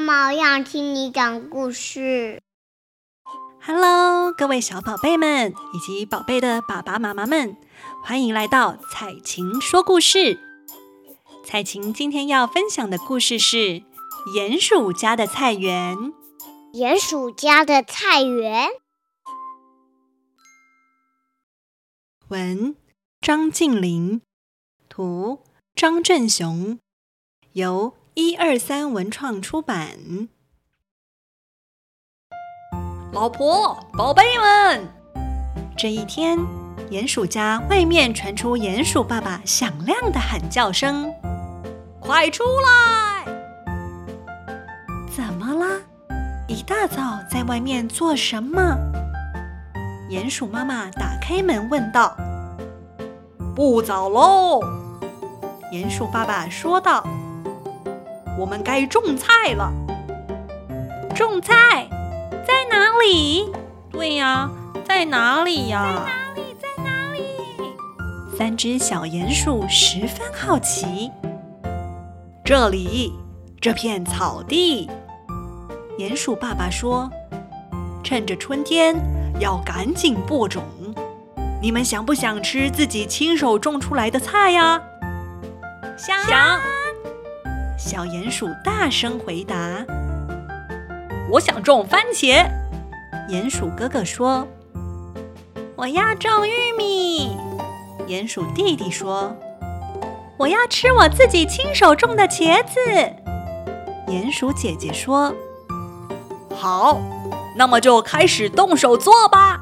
媽媽，我想聽你講故事。Hello，各位小寶貝們以及寶貝的爸爸媽媽們，歡迎來到彩琴說故事。彩琴今天要分享的故事是《鼴鼠家的菜園》。鼴鼠家的菜園，文張靜林，圖張振雄，由。一二三，文創出版。老婆，寶貝們，這一天，鼴鼠家外面傳出鼴鼠爸爸響亮的喊叫聲：“快出來！”怎麼了？一大早在外面做什麼？鼴鼠媽媽打開門問道。“不早嘍。”鼴鼠爸爸說道。我們該種菜了，種菜在哪裡？對呀，在哪裡呀？在哪裡？在哪裡？三只小鼹鼠十分好奇。這裡，這片草地。鼹鼠爸爸說：“趁着春天，要趕緊播種。你們想不想吃自己親手種出來的菜呀？”想。想小鼴鼠大聲回答：“我想種番茄。”鼴鼠哥哥說：“我要種玉米。”鼴鼠弟弟說：“我要吃我自己親手種的茄子。”鼴鼠姐姐說：“好，那麼就開始動手做吧。”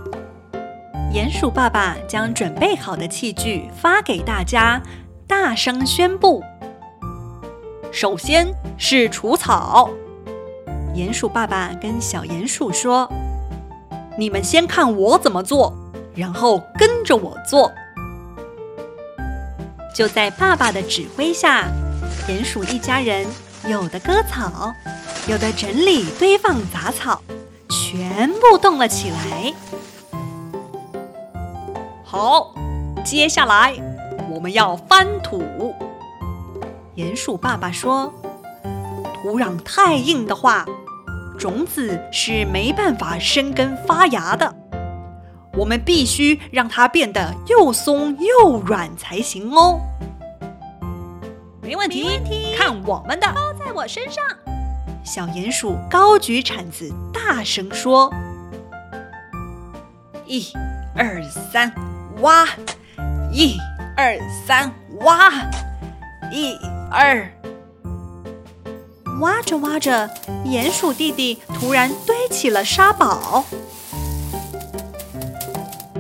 鼴鼠爸爸將準備好的器具發給大家，大聲宣布。首先是除草，鼴鼠爸爸跟小鼴鼠說：“你們先看我怎麼做，然後跟着我做。”就在爸爸的指揮下，鼴鼠一家人有的割草，有的整理堆放雜草，全部動了起來。好，接下來我們要翻土。鼴鼠爸爸說：“土壤太硬的話，種子是沒辦法生根發芽的。我們必須讓它變得又鬆又軟才行哦。”沒問題，沒問題，看我們的，包在我身上。小鼴鼠高舉鏟子，大聲說一：“一、二、三，挖！一、二、三，挖！一。”二，挖着挖着，鼴鼠弟弟突然堆起了沙堡。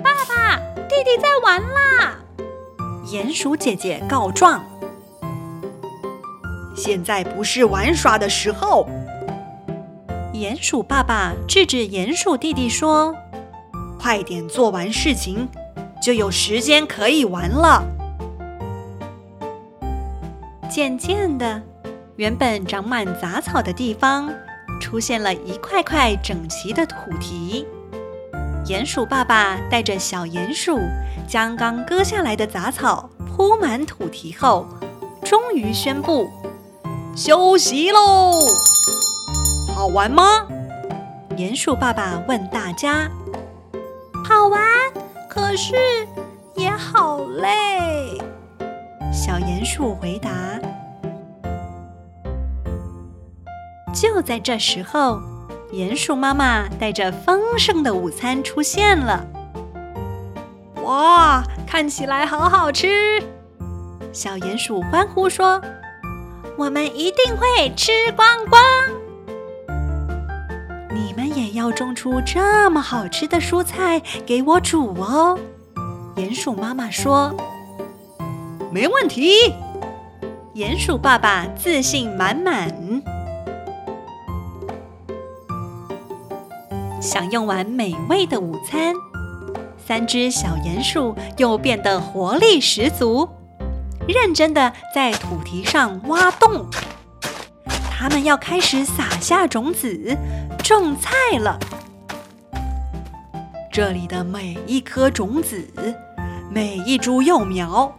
爸爸，弟弟在玩啦！」鼴鼠姐姐告狀，現在不是玩耍的時候。鼴鼠爸爸制止鼴鼠弟弟說：“快點做完事情，就有時間可以玩了。”漸漸的，原本長滿雜草的地方，出現了一塊塊整齊的土堤。鼹鼠爸爸帶着小鼹鼠，將剛割下來的雜草鋪滿土堤後，終於宣布休息嘍。好玩嗎？鼹鼠爸爸問大家。好玩，可是也好累。小鼹鼠回答。就在這時候，鼴鼠媽媽帶着豐盛的午餐出現了。哇，看起來好好吃！小鼴鼠歡呼說：“我們一定會吃光光！”“你們也要種出這麼好吃的蔬菜給我煮哦。”鼴鼠媽媽說。“沒問題。”鼴鼠爸爸自信滿滿。享用完美味的午餐，三隻小鼴鼠又變得活力十足，認真的在土地上挖洞。他們要開始撒下種子，種菜了。這裡的每一顆種子，每一株幼苗，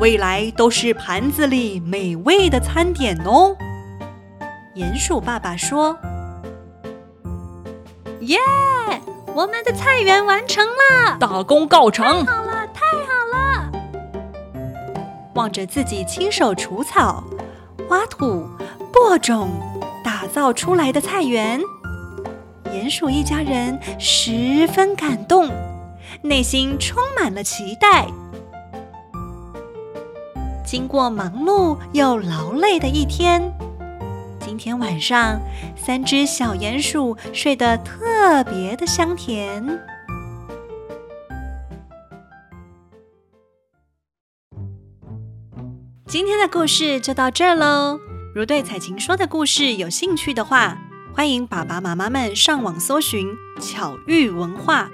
未來都是盤子裡美味的餐點哦。鼴鼠爸爸說。耶！Yeah, 我們的菜園完成了，大功告成！太好了，太好了！望着自己親手除草、挖土、播種、打造出來的菜園，鼴鼠一家人十分感動，內心充滿了期待。經過忙碌又勞累的一天，天晚上，三隻小鼴鼠睡得特別的香甜。今天的故事就到這兒嘍。如對彩琴說的故事有興趣的話，歡迎爸爸媽媽們上網搜尋“巧育文化”，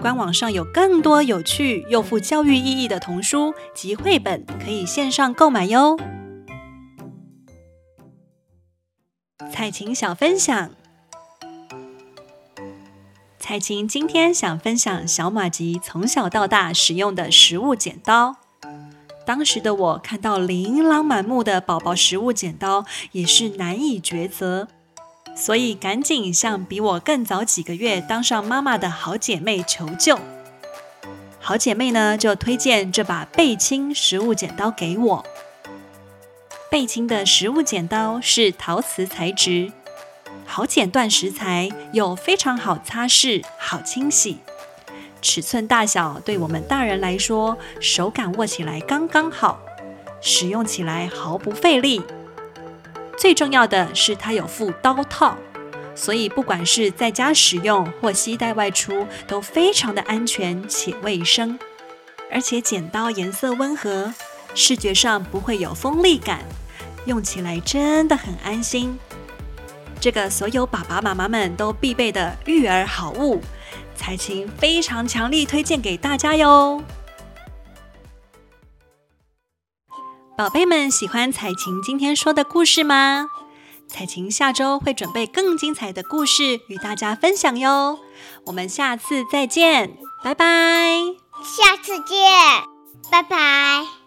官網上有更多有趣又富教育意義的童書及繪本，可以線上購買喲。蔡琴想分享，蔡琴今天想分享小馬吉從小到大使用的食物剪刀。當時的我看到琳琅滿目的寶寶食物剪刀，也是難以抉擇，所以趕緊向比我更早幾個月當上媽媽的好姐妹求救。好姐妹呢，就推薦這把貝親食物剪刀給我。貝親的食物剪刀是陶瓷材質，好剪斷食材，又非常好擦拭、好清洗。尺寸大小對我們大人來說，手感握起來剛剛好，使用起來毫不費力。最重要的是，它有附刀套，所以不管是在家使用或攜帶外出，都非常的安全且衛生。而且剪刀顏色溫和，視覺上不會有鋒利感。用起來真的很安心，這個所有爸爸媽媽們都必備的育兒好物，彩琴非常強力推薦給大家喲！寶貝們喜歡彩琴今天說的故事嗎？彩琴下周會準備更精彩的故事與大家分享喲，我們下次再見，拜拜！下次見，拜拜！